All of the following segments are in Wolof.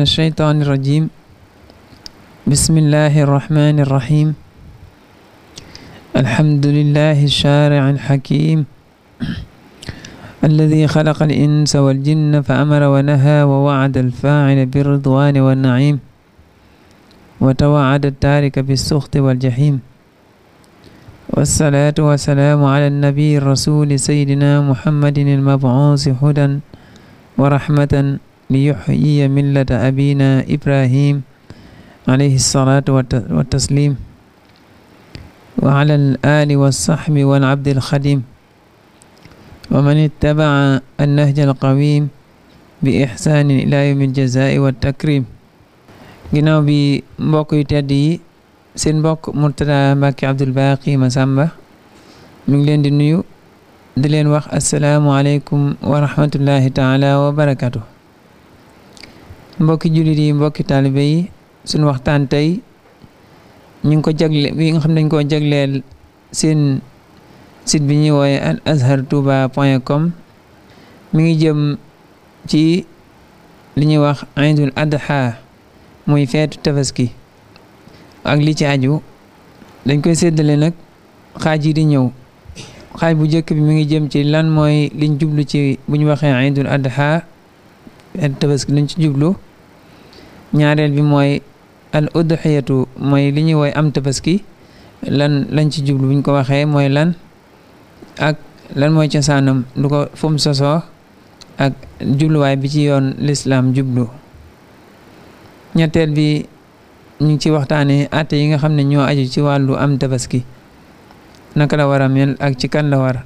من الشيطان الرجيم بسم الله الرحمن الرحيم الحمد لله الشارع الحكيم الذي خلق الإنس والجن فأمر ونهى ووعد الفاعل بالرضوان والنعيم وتوعد التارك بالسخط والجحيم والصلاة والسلام على النبي الرسول سيدنا محمد المبعوث هدى ورحمة ليحيي ملة أبينا إبراهيم عليه الصلاة والتسليم وعلى الآل والصحب والعبد الخديم ومن اتبع النهج القويم بإحسان إلى يوم الجزاء والتكريم ginnaaw bi mbokk yu tedd yi seen mbokk Mourtada Mbacké Abdoul Baqi Massamba mi ngi leen di nuyu di leen wax asalaamualeykum wa rahmatullahi taala wa barakatuh mbokki jullit yi mbokki taalibe yi suñu waxtaan tey ñu ngi ko jagle bi nga xam nañ koo jagleel seen sit bi ñuy wooye al azhar touba point com mi ngi jëm ci li ñuy wax aydul adha muy feetu tabaski ak li ci aju dañ koy séddale nag xaaj yi di ñëw xaaj bu jëkk bi mu ngi jëm ci lan mooy liñ jublu ci bu ñu waxee aydul adha feetu tabaski liñ ci jublu ñaareel bi mooy al udxiyatu mooy li ñuy woy am tabaski lan lañ ci jublu buñ ko waxee mooy lan ak lan mooy cosaanam du ko fum sosoo ak jubluwaay bi ci yoon lislaam jublu ñetteel bi ñu ngi ci waxtaanee àtte yi nga xam ne ñoo aju ci wàllu am tabaski naka la war a mel ak ci kan la war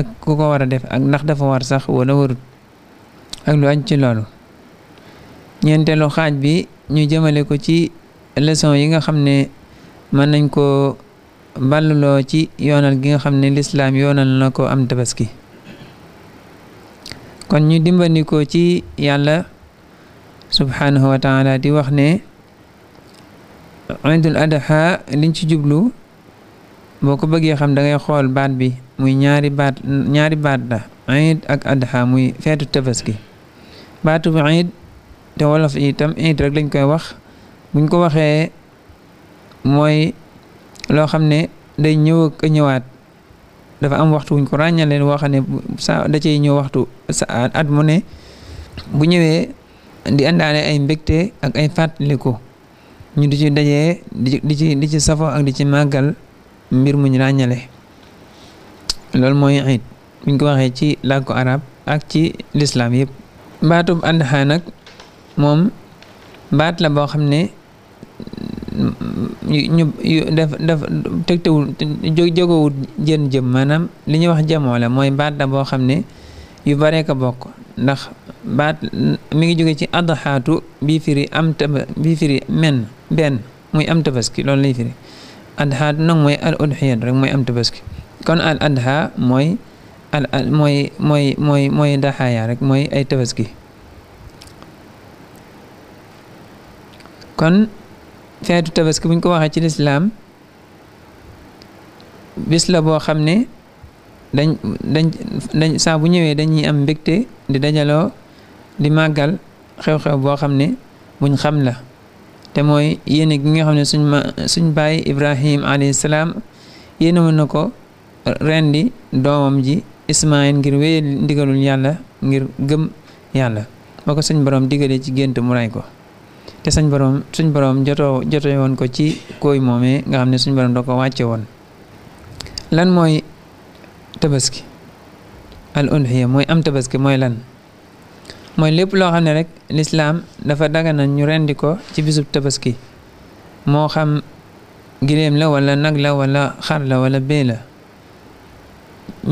ak ku ko war a def ak ndax dafa war sax wala warut ak lu aju ci loolu ñeenteelu xaaj bi ñuy jëmale ko ci leçon yi nga xam ne mën nañ ko balluloo ci yoonal gi nga xam ne lislaam yoonal na ko am tabaski kon ñu dimbandikoo ci yàlla subhaanahu wa di wax ne iidul adha liñ ci jublu boo ko bëggee xam da ngay xool baat bi muy ñaari baat ñaari baat la iid ak adha muy feetu tabaski baatu iid te wolof itam it rek lañ koy wax buñ ko waxee mooy loo xam ne day ñëw ñëwaat dafa am waxtu wuñ ko ràññaleen woo xam ne sa da ñëw waxtu sa at mu ne bu ñëwee di àndaale ay mbégte ak ay fàttaliku ñu di ci dajee di ci di ci safoo ak di ci màggal mbir muñ ràññale loolu mooy it buñ ko waxee ci làkku arab ak ci lislaam yëpp baatub ànd nag moom mbaat la boo xam ne ñu def def tegtewul jën jëm maanaam li ñuy wax jamoo mooy baat la boo xam ne yu baree ko bokk ndax mbaat mi ngi jóge ci adxaatu bii firi am taba bii firi men benn muy am tabaski loolu lay firi adxaatu nag mooy al udxiyat rek mooy am kon al adxa mooy al mooy mooy mooy mooy daxaaya rek mooy ay tabaski kon feetu tabaski buñ ko waxee ci lislaam bis la boo xam ne dañ dañ saa bu ñëwee dañuy am mbégte di dajaloo di màggal xew-xew boo xam ne buñ xam la te mooy yéene gi nga xam ne suñ ma suñ baay Ibrahim alayhi salaam yéene woon na ko rendi doomam ji Ismaayil ngir wéyal ndigalul yàlla ngir gëm yàlla boo ko suñ boroom digalee ci gént mu ko te suñ boroom suñ borom jotoo jotee woon ko ci kooy moomee nga xam ne suñ borom da ko wàcce woon lan mooy tabaski al udhiya mooy am tabaski mooy lan mooy lépp loo xam ne rek lislaam dafa dagana ñu rendi ko ci bisub tabaski moo xam giléem la wala nag la wala xar la wala bee la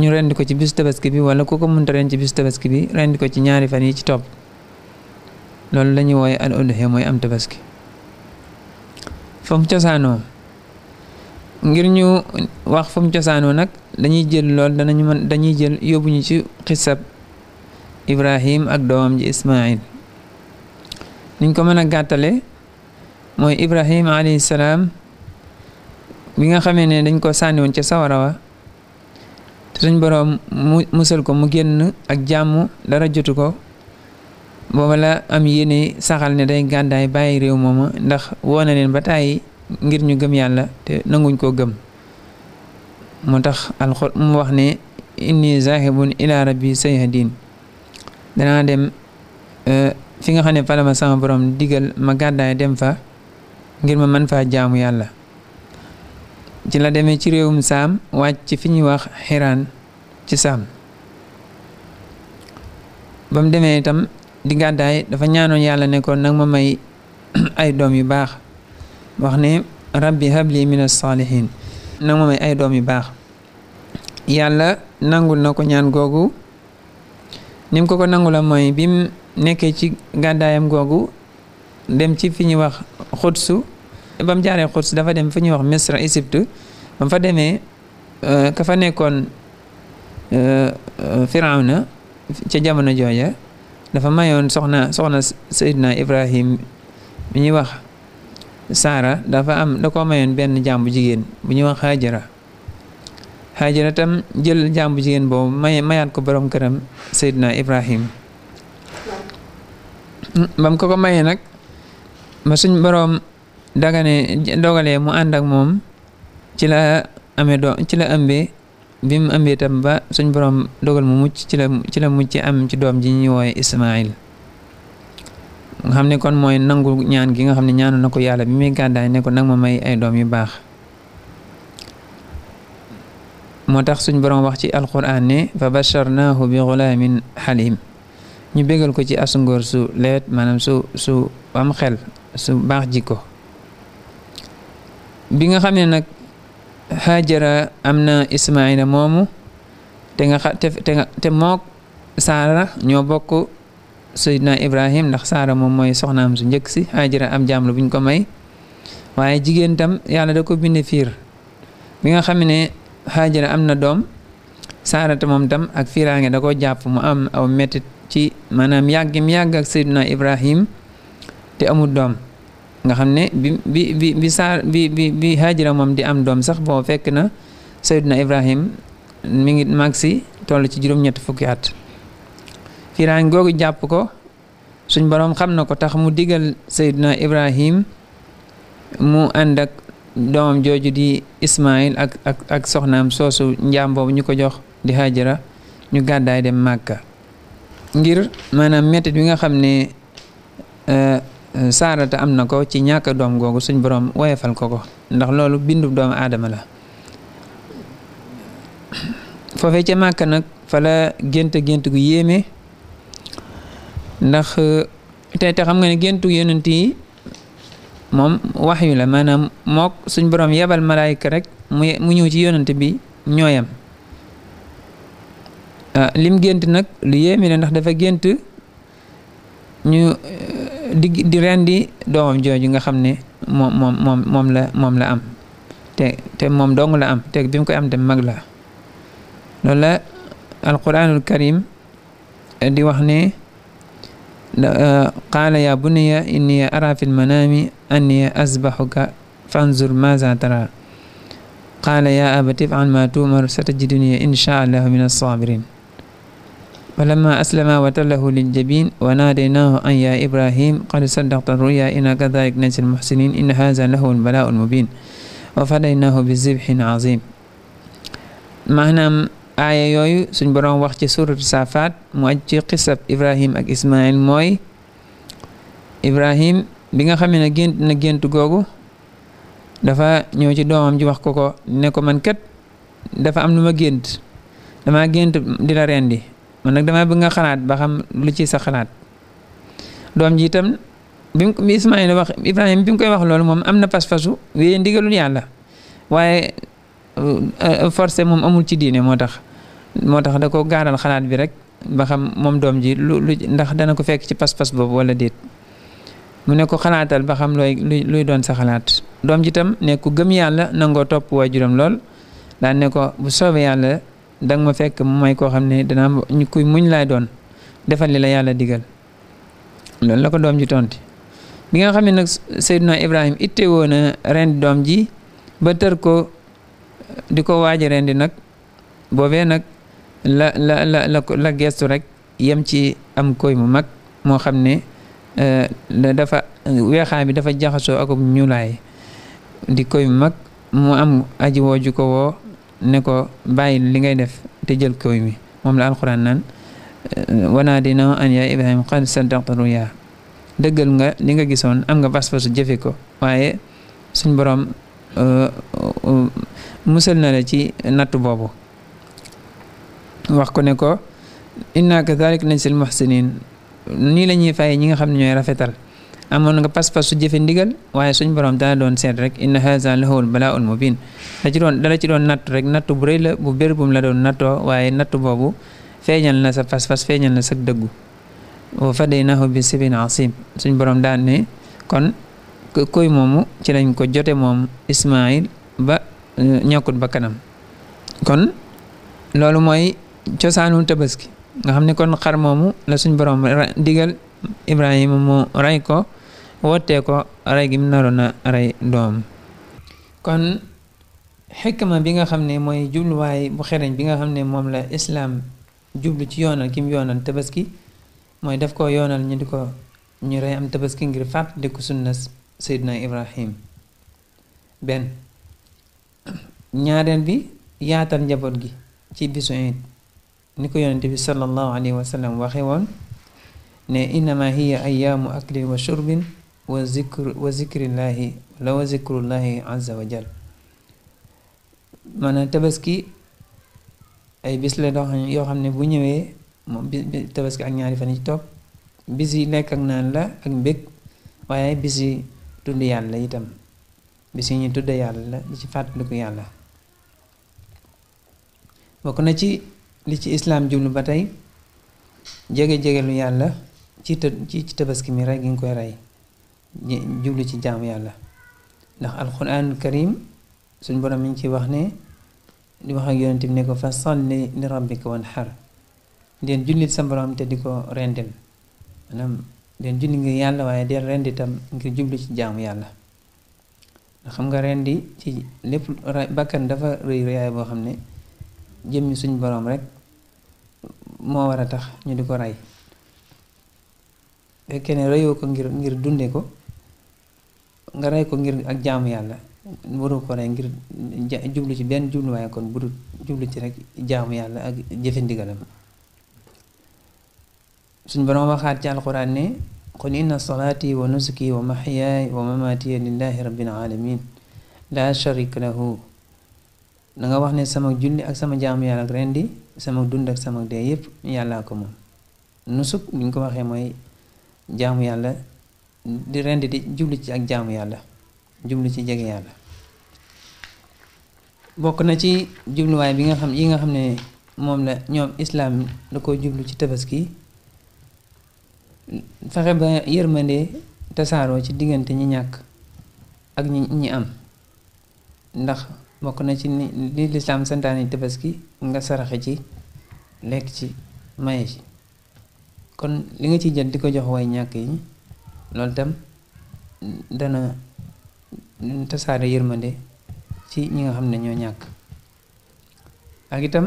ñu rendi ko ci bisu tabaski bi wala ku ko munta ren ci bisu tabaski bi rendi ko ci ñaari fan yi ci topp loolu la ñuy wooye al mooy am tabaski fa mu cosaanoo ngir ñu wax fa mu cosaanoo nag dañuy jël lool danañu mën dañuy jël yóbbu ñu ci xisab Ibrahim ak doom ji Ismail niñ ko mën a gàttale mooy Ibrahim alayhi salaam bi nga xamee ne dañ koo sànni ca sawara wa te suñ boroom mu musal ko mu génn ak jàmm dara jotu ko booba la am yéene saxal ne day gàddaay bàyyi réew mooma ndax woo leen ba tàyyi ngir ñu gëm yàlla te nanguñ koo gëm moo tax alxur mu wax ne inni zahibun ila rabbi sayhadin danaa dem e, fi nga xam ne fala ma sama borom digal ma gàddaay dem fa ngir ma mën faa jaamu yàlla ci la demee ci réewum sam wàcc ci fi ñuy wax xeraan ci sam ba demee itam di gàddaay dafa ñaanoon yàlla nekkoon nag ma may ay doom yu baax wax ne rabbi habli min as-saalihin nag ma may ay doom yu baax yàlla nangul na ko ñaan googu ni mu ko ko nangula mooy bi mu nekkee ci gàddaayam googu dem ci fi ñuy wax xutsu ba mu jaaree xutsu dafa dem fi ñuy wax misra Égypte ba fa demee euh, kafa nekkoon nekkoon euh, euh, na ca jamono jooja dafa mayoon soxna soxna Seydina Ibrahim bu ñuy wax Saara dafa am da ko mayoon benn jàmbu jigéen bu ñuy wax Haajara Haajara tam jël jàmbu jigéen bo may mayaat ko boroom këram Seydina Ibrahim bam ko ko mayee nag ma suñ boroom dagane dogalee mu ànd moom ci la amee do ci la ëmbee bi mu ëmbee tam ba suñ borom dogal mu mucc ci la ci la mucc am ci doom ji ñu wooye Ismaayil nga xam ne kon mooy nangu ñaan gi nga xam ne ñaanu na ko yàlla bi muy gàddaay ne ko nag ma may ay doom yu baax moo tax suñ borom wax ci alquran ne fa basharnaahu bi gulaamin xalim ñu bégal ko ci asungóor su leet maanaam su su am xel su baax jikko bi nga xam ne nag Haajara am na Ismaayla moomu te te te mook Saara ñoo bokk Seydina Ibrahim ndax Saara moom mooy soxnaam su njëkk si Haajara am jaam la buñ ko may waaye jigéen tam yàlla da ko binde fiir bi nga xam ne Haajara am na doom Saara te moom tam ak fiiraange da ko jàpp am aw metit ci maanaam yàggim yàgg ak Seydina Ibrahim te amul doom nga xam ne bi bi bi bi saar moom di am doom sax boo fekk na sayduna ibrahim mi ngi mag si toll ci juróom-ñett fukki at firaan googu jàpp ko suñ boroom xam na ko tax mu digal sayduna ibrahim mu ànd ak doomam jooju di ismail ak ak soxnaam soosu njaam boobu ñu ko jox di haajira ñu gàddaay dem màkka ngir maanaam mettit bi nga xam ne euh, Euh, saarata am na ko ci ñàkk doom googu suñ borom woyefal ko ko ndax loolu bindu doomu aadama la foofe ca màkk nag fa la gént gént gu yéeme ndax euh, tey te xam nga ne géntu yonent yi moom wax yu la maanaam mook suñ borom yebal malaayka rek mu ñëw ci yonent bi ñooyam euh, lim gént nag lu yéeme la ndax dafa gént ñu di di rendi doomam jooju nga xam ne moom moom moom la moom la am te te moom dong la am te bi ko am tam mag la loolu la alquranul karim di wax ne euh, qaala ya bunayya inni ara fi lmanami anni asbahuka fanzur maza tara qaala ya abati if'al ma tu'mar satajiduni insha allahu min as فلما أسلم وتله للجبين وناديناه أن يا إبراهيم قد صدقت الرؤيا إنا كذلك نجزي المحسنين إن هذا لهو البلاء المبين وفديناه بذبح عظيم maanaam aaya yooyu suñ boroom wax ci suuratu saafaat mu aj ci xisab Ibrahim ak Ismail mooy Ibrahim bi nga xamee ne gént gént googu dafa ñëw ci doomam ji wax ko ko ne ko man kat dafa am lu ma gént dama gént di la rendi man nag dama bëgg nga xalaat ba xam lu ci sa xalaat doom ji itam bi Ismaayil wax Ibrahima bi mu koy wax loolu moom am na pas-pasu wéyee ndigalul yàlla waaye euh, euh, forcé moom amul ci diine moo tax moo tax da ko gaaral xalaat bi rek ba xam moom doom ji lu lu ndax dana ko fekk ci pas-pas boobu wala déet mu ne ko xalaatal ba xam looy luy doon sa xalaat doom ji tam ne ku gëm yàlla nangoo topp waa waajuram lool daan ne ko bu soobee yàlla danga ma fekk mooy koo xam ne danaa ñu kuy muñ laay doon defal li la yàlla digal loolu la ko doom ji tonti bi nga xam ne nag Seydina Ibrahima itte woon na rendi doom ji ba tër ko di ko waaj a rendi nag boobee nag la la la la gestu rek yem ci am koy mu mag moo xam ne eh, dafa weexaa bi dafa jaxasoo ak ñuulaay di koy mu mag mu am aji wooju ko woo ne ko bàyyi li ngay def te jël kaw mi moom la alxuraan naan wanaa dina an yaa ibrahima qad saddaqta ruyaa dëggal nga li nga gisoon am nga pas-pasu jëfe ko waaye suñ boroom uh, uh, musal na la ci nattu boobu wax ko ne ko inna kadalik najzil muhsinin nii la ñuy fay ñi nga xam ne ñooy rafetal amoon nga pas-pas su jëfe ndigal waaye suñ borom dana doon seet rek inna haza lahuwal balaaul mubin da ci doon dala ci doon natt rek natt bu rëy la bu bér la doon nattoo waaye natt boobu feeñal na sa pas-pas feeñal na sa dëggu wa fadaynahu bi sibin asim suñ borom daan ne kon koy moomu ci lañ ko jote moom Ismaayil ba e, ñokkut ba kanam kon loolu mooy cosaanu tabaski nga xam ne kon xar moomu la suñ borom digal Ibrahima mu rey ko wootee ko rey gi mu naroon na rey doom kon xikma bi nga xam ne mooy jubluwaay bu xereñ bi nga xam ne moom la islaam jublu ci yoonal ki mu yoonal tabaski mooy def ko yoonal ñu di ko ñu rey am tabaski ngir fàttaliku sunna seydina ibrahim benn ñaareel bi yaatal njaboot gi ci bisu iid ni ko yonente bi sallallahu alayhi waxe woon ne innama hiya ayaamu aklin wa shurbin wa zikru wa zikrillaahi wala wa zikrullaahi azza wa tabaski ay bis la yoo xam ne bu ñëwee moom bi tabaski ak ñaari fan yi ci topp bis yi lekk ak naan la ak mbég waaye bis yi tudd yàlla itam bis yi ñu tudd yàlla la di ci fàttaliku yàlla bokk na ci li ci islaam jublu ba tey jége jegelu yàlla ci ci tabaski mi rey gi nga koy rey jublu ci jaamu yàlla ndax alquranul karim suñ borom mi ngi ciy wax ni di wax ak yonent bi ne ko fa salli li rabbika wanhar deen jullit sa borom te di ko rendil maanaam deen julli ngir waaye deen rendi itam ngir jublu ci jaamu yàlla xam nga rendi ci lépp dafa rëy boo xam ne jëmmi suñ boroom rek moo war a tax ñu di ko rey fekkee ne rëyoo ko ngir ngir dunde ko nga rey ko ngir ak jaamu yàlla waroo ko rey ngir jublu ci benn jubluwaay kon bu dul jublu ci rek jaamu yàlla ak jëfe ndigalam suñ borom waxaat ci alquran ne qul inna wax ne sama julli ak sama jaamu yàlla ak rendi sama dund ak sama dee yépp yàllaa ko moom nusuk ni ko waxee mooy jaamu yàlla di rend di jublu ci ak jaamu yàlla jublu ci jege yàlla bokk na ci jubluwaay bi nga xam yi nga xam ne moom la ñoom islaam da ko jublu ci tabaski fexe ba yërmande tasaaroo ci diggante ñi ñàkk ak ñi ñi am ndax bokk na ci ni li lislaam santaani tabaski nga saraxe ci lekk ci maye ci kon li nga ciy jël di ko jox way ñàkk yi loolu tam dana tasaare yërmande ci ñi nga xam ne ñoo ñàkk ak itam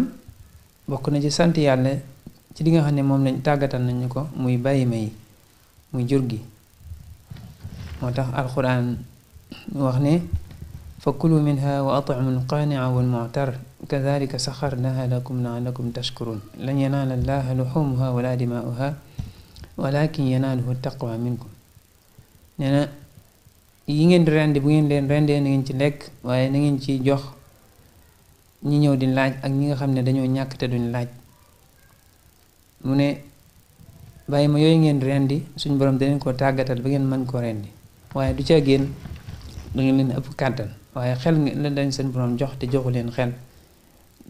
bokk na ci sant yàlla ci li nga xam ne moom lañ tàggatal nañu ko muy bàyyi may yi muy jur gi moo tax alxuraan wax ne fa kulu minha wa at'imu alqaani'a wal mu'tar kadhalika saxarnaha lakum la'allakum tashkurun lan yanaala llaaha luhumuha wala dimaa'uha walakin yanaaluhu taqwa minkum nee yi ngeen di rendi bu ngeen leen rendee na ngeen ci lekk waaye na ngeen ci jox ñi ñëw di laaj ak ñi nga xam ne dañoo ñàkk te duñ laaj mu ne bàyyi ma yooyu ngeen rendi suñ borom danañ koo tàggatal ba ngeen mën koo rendi waaye du ca génn da ngeen leen ëpp kàttan waaye xel la dañ seen borom jox te joxu leen xel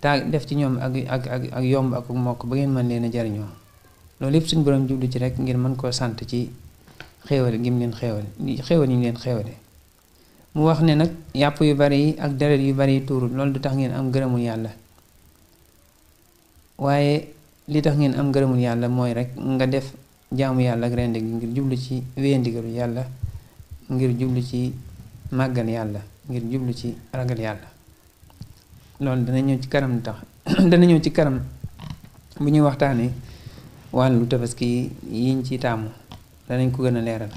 taa def ci ñoom ak ak ak ak yomb ak mokk ba ngeen mën leen a jariñoo loolu yëpp suñ borom jublu ci rek ngir mën koo sant ci xéewale gim leen xéewale xéewal yi mu leen xéewale mu wax ne nag yàpp yu bari yi ak deret yu bari yi tuurul loolu du tax ngeen am gërëmul yàlla waaye li tax ngeen am gërëmul yàlla mooy rek nga def jaamu yàlla ak gi ngir jublu ci wéye yàlla ngir jublu ci màggal yàlla ngir jublu ci ragal yàlla loolu dana ñëw ci kanam tax dana ñëw ci kanam bu ñuy waxtaanee wàllu tabaski yiñ ci taamu danañ ko gën a leeral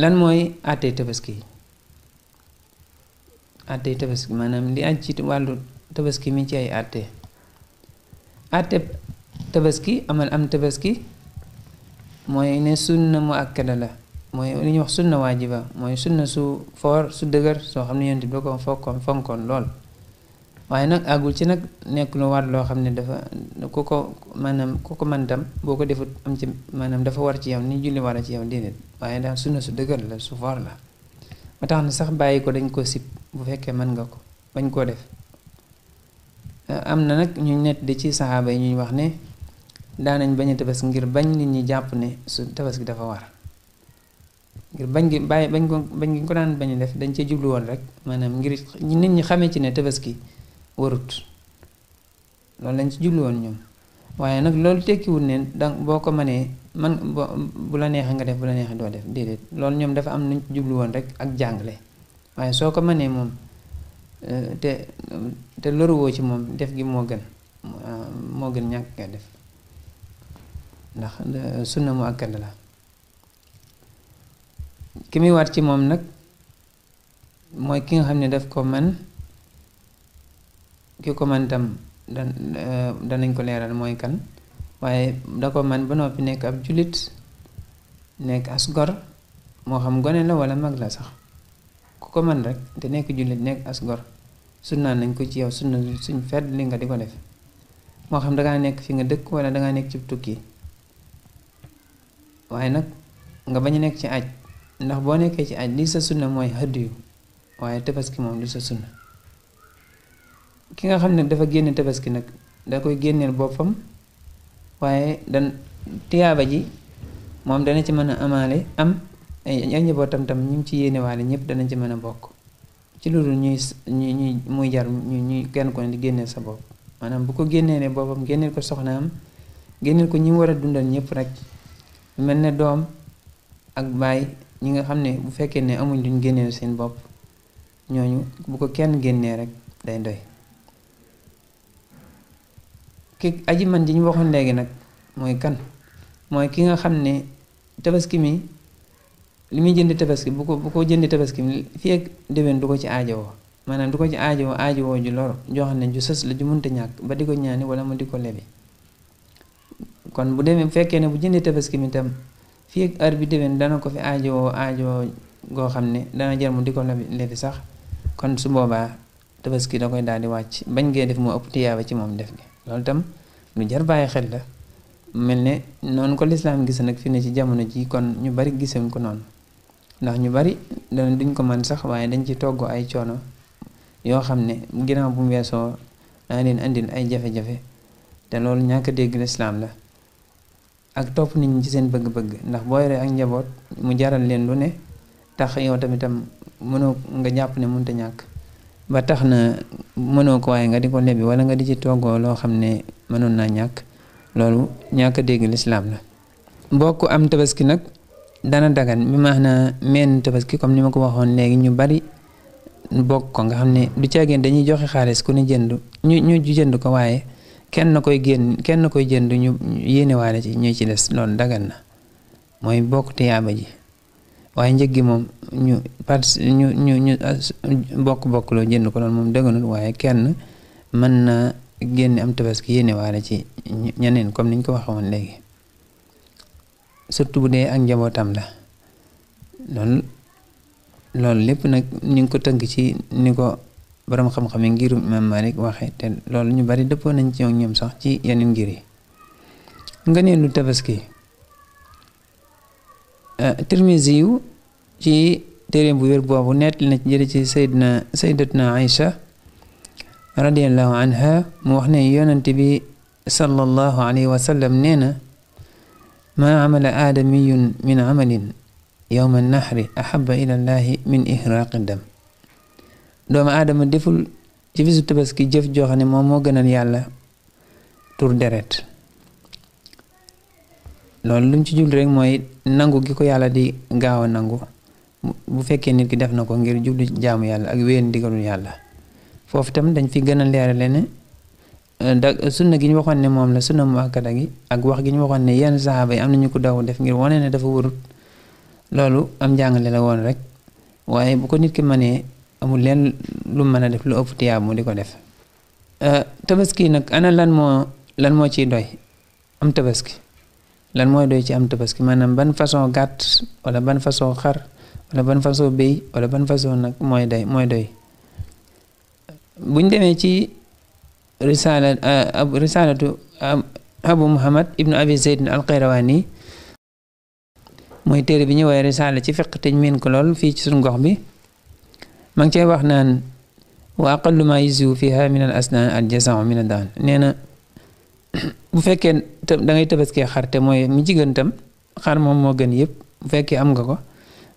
lan mooy àttee tabaski yi àttee tabaski maanaam li aj wàllu tabaski mi ci ay àttee àtte tabaski amal am tabaski mooy ne sunna mu akkada la mooy li ñuy wax sunna waajiba mooy sunna su foor su dëgër soo xam ne yonent bi da ko fokkoon fonkoon lool waaye nag àggul ci nag nekk lu war loo xam ne dafa ku ko maanaam ku ko man boo ko defut am ci maanaam dafa war ci yow ni julli war a ci yow déedéet waaye daal sunna su dëgër la su for la ba tax na sax bàyyi ko dañ koo sib bu fekkee mën nga ko bañ koo def eh, am na nag ñu nett di ci saxaaba yi wax ne daanañ bañ a ngir bañ nit ñi jàpp ne su tabas gi dafa war ngir bañ gi bàyyi bañ ko bañ gi ko daan bañ def dañ cee jublu woon rek maanaam ngir nit ñi xamee ci ne tabaski warut loolu lañ ci jublu ñoom waaye nag loolu tekkiwul ne dang boo ko mënee man bu la neexee nga def bu la neexee doo def déedéet loolu ñoom dafa am nañ ci jublu woon rek ak jàngale waaye soo ko mënee moom euh, te te loruwoo ci moom def gi moo gën euh, moo gën ñàkk nga def ndax euh, sunna mu akkad la ki muy waat ci moom nag mooy ki nga xam ne daf ko man ki ko man tam eh, danañ ko leeral mooy kan waaye da ko man ba noppi nekk ab jullit nekk as gor moo xam gone la wala mag la sax ku ko man rek te nekk jullit nekk as gor sunna nañ ko ci yow sunna suñ fedd li nga di ko def moo xam dangaa nekk fi nga dëkk wala dangaa nekk ci tukki waaye nag nga bañ nekk ci aj ndax boo nekkee ci aj li sa sunna mooy hëdd yu waaye tabaski moom li sa sunna ki nga xam ne dafa génne tabaski nag da koy génneel boppam waaye dan tiyaaba ji moom dana ci mën a amaale am ay njabootam tam ñi mu ci yéenewaale ñëpp danañ ci mën a bokk ci lu loolu ñuy ñuy muy jar ñu ñuy kenn ko di génneel sa bopp maanaam bu ko génneelee boppam génneel ko soxnaam génneel ko ñim war a dundal ñëpp rek mel ne doom ak baay ñi nga xam ne bu fekkee ne amuñ duñ génneel seen bopp ñooñu bu ko kenn génnee rek day doy ki aji man ji ñu waxoon léegi nag mooy kan mooy ki nga xam ne tabaski mi li muy jënd tabaski bu ko bu ko jënd tabaski mi fii ak déwén du ko ci aajowoo maanaam du ko ci aajowoo aajowoo ju lor joo xam ne ju sës la ju mënta ñàkk ba di ko ñaani wala mu di ko lebi kon bu demee bu fekkee ne bu jëndee tabaski mi tam fii ak bi déwén dana ko fi aajowoo aajowoo goo xam ne dana jar mu di ko lebi sax kon su boobaa tabaski da koy daa di wàcc bañ ngee def moo ëpp tiyaaba ci moom def gi loolu itam lu jar bàyyi xel la mel ne noonu ko lislaam gis nag fi ne ci jamono ji kon ñu bari giseem ko noonu ndax ñu bari dana duñ ko man sax waaye dañ ci togg ay coono yoo xam ne ginaaw bu mu weesoo dana leen andil ay jafe-jafe te loolu ñàkk dégg lislaam la ak topp nit ñi ci seen bëgg-bëgg ndax boo yoree ak njaboot mu jaral leen lu ne tax yow tamitam mënu nga jàpp ne mënta ñàkk ba tax na mënoo ko waaye nga di ko lebi wala nga di ci toggoo loo xam ne mënoon naa ñàkk loolu ñàkk a dégg lislaam la mbokk am tabaski nag dana dagan bi maax na meen tabaski comme ni ma ko waxoon léegi ñu bari bokk ko nga xam ne du caagéen dañuy joxe xaalis ku ne jënd ñu ñu jënd ko waaye kenn koy génn kenn koy jënd ñu yéenewaale ci ñu ci des loolu dagan na mooy bokk te yaaba ji waaye njëg gi moom ñu parce ñu ñu ñu bokk-bokk loo jënd ko loolu moom dëgganul waaye kenn mën na génne am tabaski yéene waale ci ñeneen comme niñ ko waxe woon léegi surtout bu dee ak njabootam la loolu loolu lépp nag ñu ngi ko tënk ci ni ko borom xam-xam ngir ngirum Imam Malik waxe te loolu ñu bari dëppoo nañ ci ñoom sax ci yenn ngir yi nga nee lu tabaski Euh, Tirmisi yu ci téeréem bu wér boobu nettali na ci jële ci saydna saydatna Aïcha radiallahu anha mu wax ne yonent bi sallallahu alayhi wa sallam nee na maa amala aadamiyun min amalin yowma nahri ahaba ila min ihraaqi dam doomu aadama deful ci bisu tabaski jëf joo xam ne moom moo gënal yàlla tur deret loolu luñ ci jublu rek mooy nangu gi ko yàlla di gaaw a nangu bu fekkee nit ki def na ko ngir jublu jaamu yàlla ak wéen digalul yàlla foofu tam dañ fi gën a leerale ne eh, da sunna gi ñu waxoon ne moom la sunna mu akkada gi ak wax gi ñu waxoon ne yenn saxaaba yi am nañu ko daw def ngir wane ne dafa warut loolu am njàngale la woon rek waaye bu ko nit ki mënee amul leen lu mën a def lu ëpp tiyaab mu di ko def eh, tabaski nag ana lan moo lan moo ciy doy am tabaski lan mooy doy ci am tabaski maanaam ban façon gàtt wala ban façon xar wala ban façon béy wala ban façon nag mooy day mooy doy buñ demee ci risaala eh, risaalatu abu muhammad ibnu abi zeydin alqayrawaani mooy téere bi ñu waaye risaala ci fiq te miin ko lool fii ci suñu gox bi ma ngi cay wax naan wa aqallu ma yusiu fiha min al asnaan al jasau min daan nee bu fekkee te da ngay tabaskee xar te mooy mi ci gën tam xar moom moo gën yëpp bu fekkee am nga ko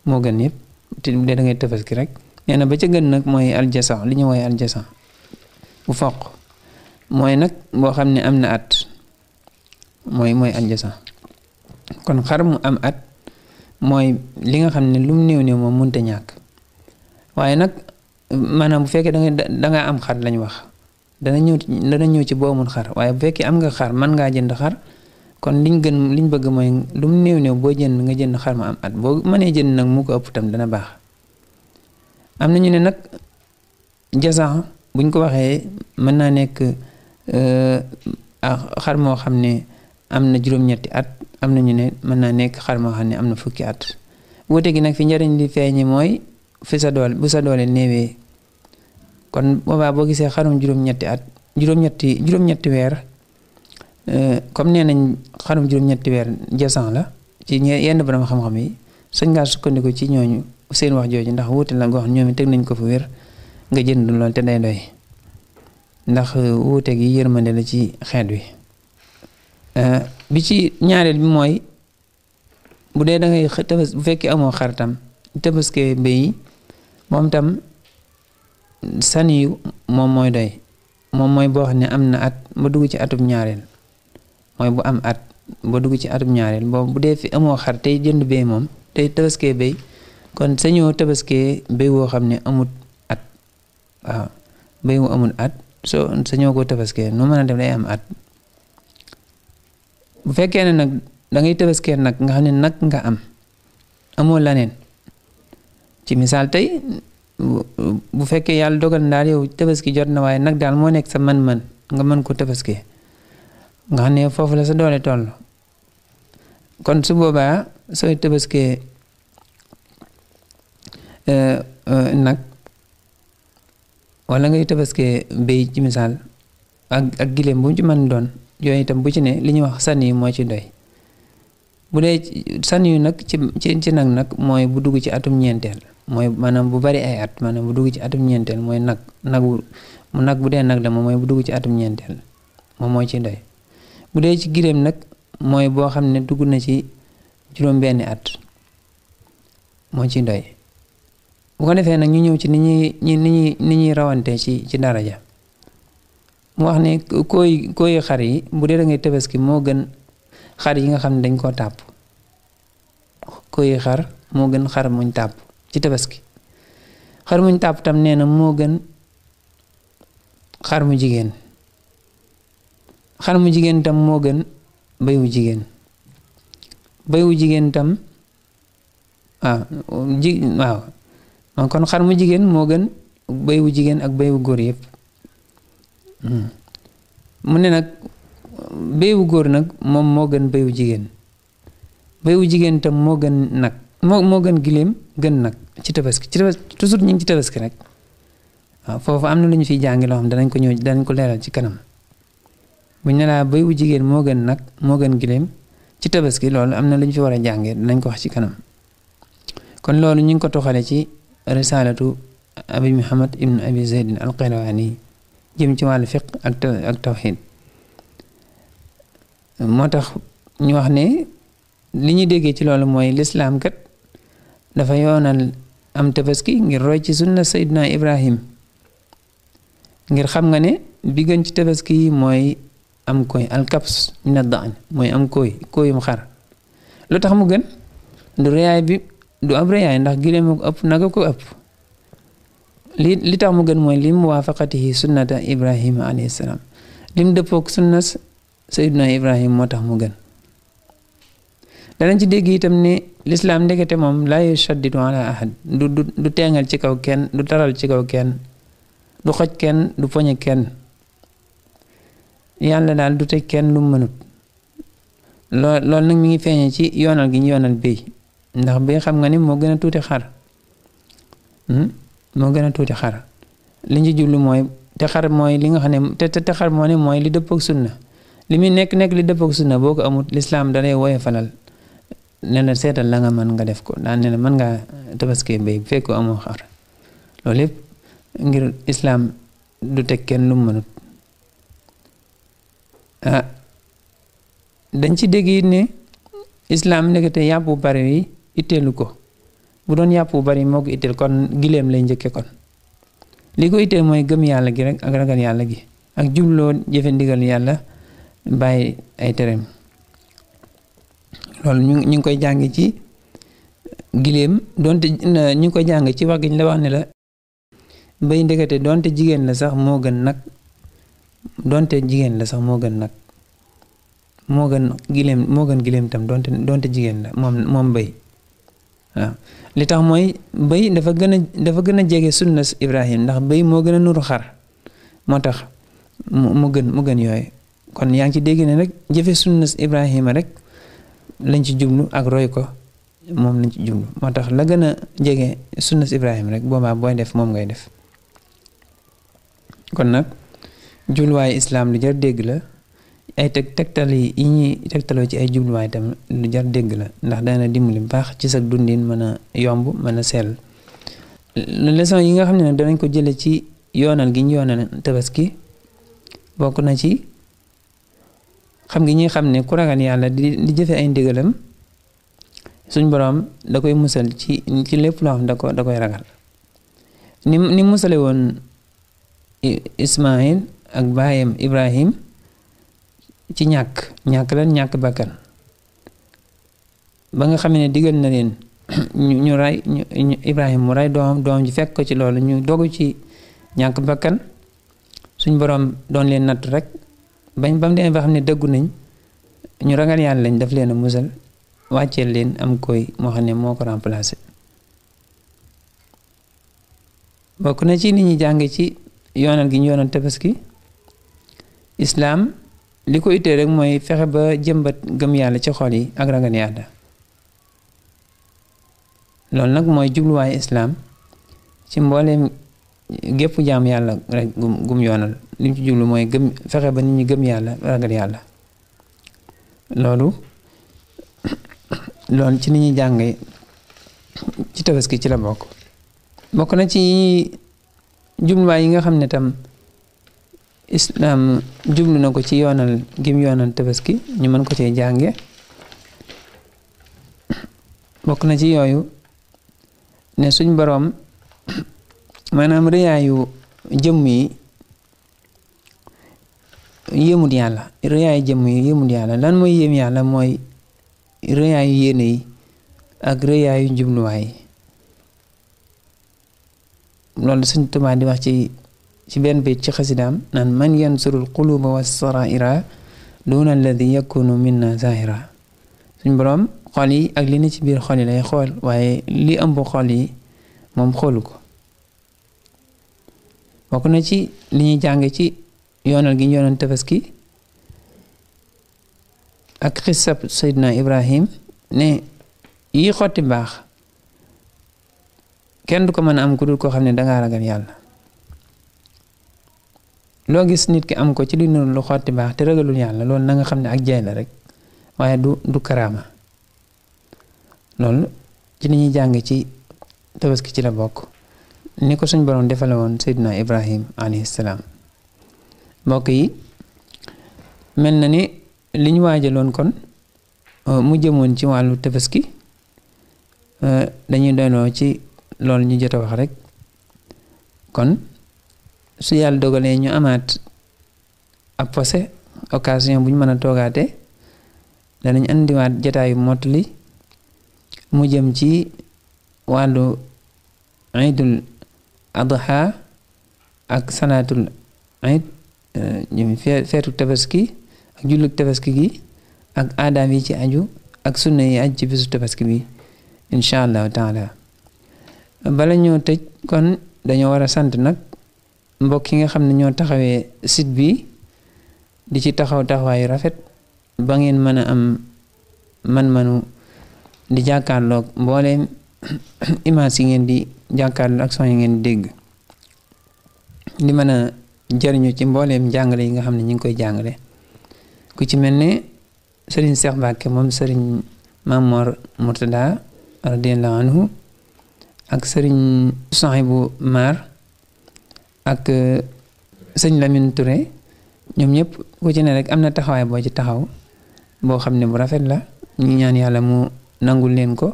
moo gën yëpp te de dangay tabaski rek nee na ba ca gën nag mooy aljasa li ñu woowee aljasa bu foq mooy nag boo xam ne am na at mooy mooy aljasa kon xar mu am at mooy li nga xam ne lu mu néew néew moom mënut a ñàkk waaye nag maanaam bu fekkee da nga am xar lañ wax dana ñëw dana ñëw ci boo mun xar waaye bu fekkee am nga xar man ngaa jënd xar kon liñ gën liñ bëgg mooy lu mu néew néew boo jënd nga jënd xar mu am at boo mënee jënd nag mu ko ëpp tam dana baax am na ne nag jasan buñ ko waxee mën naa nekk euh, xar moo xam ne am na juróom-ñetti at am na ñu ne mën naa nekk xar moo xam ne am na fukki at wute gi nag fi njariñ li feeñi mooy fi sa doole bu sa doole néewee kon boobaa boo gisee xarum juróom-ñetti at juróom-ñetti weer euh, comme nee nañ xarum juróom-ñetti weer jasan la ci ñe yenn borom xam-xam yi sañ ngaa sukkandiku ci ñooñu seen wax jooju ndax wuute la goo xam ñoom teg nañ ko fu wér nga jënd lool te day doy ndax euh, wuute gi yërmande la ci xeet wi euh, bi ci ñaareel mooy bu dee da ngay tëbës bu fekkee amoo xaritam tëbëskee béy moom tam saniyu moom mooy doy moom mooy boo xam ne am na at ba dugg ci atub ñaareel mooy bu am at ba dugg ci atum ñaareel boobu bu dee fi amoo xar tey jënd béy moom tey tabaskee béy kon sañoo tabaskee béy woo xam ne amut at waaw béy wu amul at soo sañoo ko tabaskee nu mën a def day am at bu fekkee ne nag da ngay tabaskee nag nga xam ne nag nga am amoo laneen ci misaal tey bu fekkee yàlla dogal na daal yow tabaski jot na waaye nag daal moo nekk sa man man nga man koo tabaski nga xam ne foofu la sa doole toll kon su boobaa sooy tabaskee eh, eh, nag walla ngay tabaskee bay ci misaal ak ak gileem bu mu ci mën doon yooyu itam bu ci ne li ñuy wax sànni moo ci doy bu dee sànni yu nag ci ci ci nag nag mooy bu dugg ci atum ñeenteel mooy maanaam bu bari ay at maanaam bu dugg ci atum ñeenteel mooy nag nag bu nag bu dee nag la moom mooy bu dugg ci atum ñeenteel moom mooy ci ndoy bu dee ci giléem nag mooy boo xam ne dugg na ci juróom-benni at moo ci doy bu ko defee nag ñu ñëw ci ni ñuy ni ñuy ni ñuy rawante ci ci daraja mu wax ne koy kooy xar yi bu dee da ngay ki moo gën xar yi nga xam ne dañ koo tàpp koy xar moo gën xar muñ tàpp ci tabaski xar muñ tàpp tam nee na moo gën xar mu jigéen xar mu jigéen tam moo gën béy jigéen baywu wu jigéen tam ah ji kon xar mu jigéen moo gën baywu jigéen ak baywu góor yépp hmm. mu ne nag béyu góor nag moom moo gën béyu jigéen béyu jigéen tam moo gën nag moo moo gën giléem gën nag ci tabaski ci tabaski toujours ñu ngi ci tabaski rek waaw foofu am na lu ñu fiy jàngi loo xam danañ ko ñëw danañ ko leeral ci kanam bu ñu laa jigéen moo gën nag moo gën giléem ci tabaski loolu am na lu ñu fi war a jàngee danañ ko wax ci kanam kon loolu ñu ngi ko toxale ci risalatu abi muhammad ibnu abi zeydin alqayrawaani jëm ci wàllu fiq ak ak tawxid moo tax ñu wax ne li ñu déggee ci lool mooy lislaam kat dafa yoonal am tabaski ngir roy ci sunna Seydina Ibrahim ngir xam nga ne bi gën ci tabaski yi mooy am koy alkaps min ad-da'n mooy am koy koyum xar lu tax mu gën du reyaay bi du ab reyaay ndax giléem ko ëpp naga ko ëpp li li tax mu gën mooy li muwaafaqatihi sunnata Ibrahima alayhi salaam lim dëppook sunnas Seydina Ibrahim moo tax mu gën danañ ci dégg itam ni lislaam ndekete moom laa yushaddidu ala ahad du du du ci kaw kenn du taral ci kaw kenn du xoj kenn du poñe kenn yàlla daal du teg kenn lu mënut lool nag mi ngi feeñe ci yoonal gi ñu yoonal béy ndax béy xam nga ni moo gën a tuuti xar hmm? moo gën a tuuti xar li ñu jublu mooy te xar mooy li nga xam ne te xar moo ne mooy li dëpp ak sunna li muy nekk nekk li dëppoo ak sunna boo ko amut lislaam dalay woye fanal ne la seetal la nga mën nga def ko daan ne la mën ngaa tabaskee mbéy bu fekkoo amoo xar loolu yëpp ngir islaam du teg kenn lu mënut ah dañ ci dégg it ne islaam te yàpp bu bari yi itteelu ko bu doon yàpp wu bari moo ko itteel kon gileem lay njëkke kon li ko itteel mooy gëm yàlla gi rek ak ragal yàlla gi ak jubloo jëfe ndigal yàlla bàyyi ay tereem loolu ñu ngi koy jàng ci giléem donte ñu ngi koy jàng ci wax gi la wax ne la bay ndekete donte jigéen la sax moo gën nag donte jigéen la sax moo gën nag moo gën giléem moo gën giléem tam donte donte jigéen la moom moom bay li tax mooy bay dafa gën a dafa gën a jege sunna Ibrahim ndax bay moo gën a nuru xar moo tax mu gën mu gën yooyu kon yaa ngi ci dégg ne rek jëfe sunna Ibrahima rek lañ ci jublu ak roy ko moom lañ ci jublu moo tax la gën a jege sunna Ibrahima rek boobaa booy def moom ngay def kon nag jubluwaayu islaam lu jar dégg la ay teg tegtal yi ñuy ci ay jubluwaay tam lu jar dégg la ndax dana dimbali baax ci sa dundin mën a yomb mën a sell leçon yi nga xam ne danañ ko jële ci yoonal gi ñu yoonal ki bokk na ci xam ngi ñuy xam ne ku ragal yàlla di di jëfe ay ndigalam suñ boroom da koy musal ci ci lépp loo xam da da koy ragal ni ni musale woon Ismaayil ak baayam Ibrahim ci ñàkk ñàkk lan ñàkk bakkan ba nga xam ne digal na leen ñu rey ñu Ibrahim mu rey doom doom ji fekk ko ci loolu ñu dogu ci ñàkk bakkan suñ boroom doon leen natt rek bañ ba mu demee ba xam ne dëggu nañ ñu ragal yàlla lañ daf leen a musal wàccee leen am koy moo xam ne moo ko remplacé bokk na ci nit ñu jàng ci yoonal gi ñu yoonal tabaski islaam li ko ittee rek mooy fexe ba jëmbat gëm yàlla ci xool yi ak ragal yàlla loolu nag mooy jubluwaayu islaam ci mbooleem gépp jaam yàlla rek gum yoonal li ñu ci jublu mooy gëm fexe ba nit ñi gëm yàlla ragal yàlla loolu lool ci ni ñuy jàngee ci tabaski ci la bokk bokk na ci jubluwaay yi nga xam ne tam islaam jublu na ko ci yoonal gim yoonal tabaski ñu mën ko cee jànge bokk na ci yooyu ne suñ boroom maanaam rëyaayu jëmm yi mu yéemut yàlla rëyaayu jëmm yi yéemut yàlla lan mooy yéem yàlla mooy rëyaayu yéene yi ak rëyaayu jubluwaay yi loolu suñ Tuubaa di wax ci ci benn bi ci xasidaam naan man yansurul quluba wa saraira duna alladi yakunu minna zahira suñ boroom xol yi ak li ci biir xol yi lay xool waaye li ëmb xol yi moom xoolu ko na ci li ñuy ci yoonal gi ñu yoonal tabaski ak xisab Seydina Ibrahim ne yi xotti baax kenn du ko mën a am ku dul koo xam ne danga ragal yàlla loo gis nit ki am ko ci li noonu lu xotti mbaax te ragalul yàlla loolu na nga xam ne ak jaay la rek waaye du du karaama loolu ci li ñuy jàng ci tabaski ci la bokk ni ko suñ borom defale woon Seydina Ibrahim alayhi mbokk yi mel na ni li ñu waajaloon kon euh, mu jëmoon ci wàllu tabaski euh, dañuy doonoo ci loolu ñu jot a wax rek kon su yàlla dogalee ñu amaat ab posé occasion bu ñu mën a toogaatee danañ andiwaat jataayu mottali mu jëm ci wàllu iidul adha ak salaatul iid ñoom feetu tabaski ak jullug tabaski gi ak aadaam yi ci aju ak sunna yi aju ci bisu tabaski bi incha allahu taala bala ñoo tëj kon dañoo war a sant nag mbokk yi nga xam ne ñoo taxawee sit bi di ci taxaw taxawaayu rafet ba ngeen mën a am man-manu di jàkkaarloog mbooleem image yi ngeen di jàkkaarloo ak son yi ngeen di dégg di mën jariñu ci mbooleem njàngale yi nga xam ne ñu ngi koy jàngale ku ci mel ne sëriñ Cheikh Mbacke moom sëriñ Mamor Murtada radiyallahu anhu ak sëriñ bu Mar ak euh, sëñ Lamine Touré ñoom ñëpp ku ci ne rek am na taxawaay boo ci taxaw boo xam ne bu rafet la ñu ngi ñaan yàlla mu nangul leen ko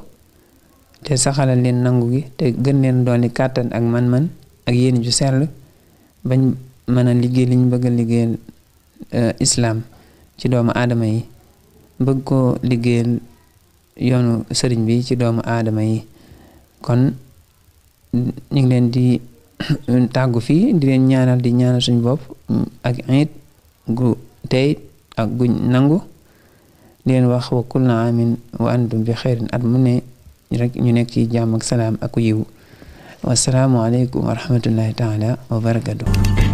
te saxalal leen nangu gi te gën leen dooli kàttan ak man-man ak yéen ju sell bañ mën a liggéey li bëgg a euh, islaam ci doomu aadama yi bëgg koo liggéeyal yoonu sëriñ bi ci doomu aadama yi kon ñu ngi leen di tàggu fii di leen ñaanal di ñaanal suñ bopp ak it gu tey ak gu nangu di leen wax wa kul na amin wa antum bi xeyrin at mu ne ñu nekk ci jàmm salaam ak yiw wasalaamualeykum wa rahmatullahi taala wa barakatuh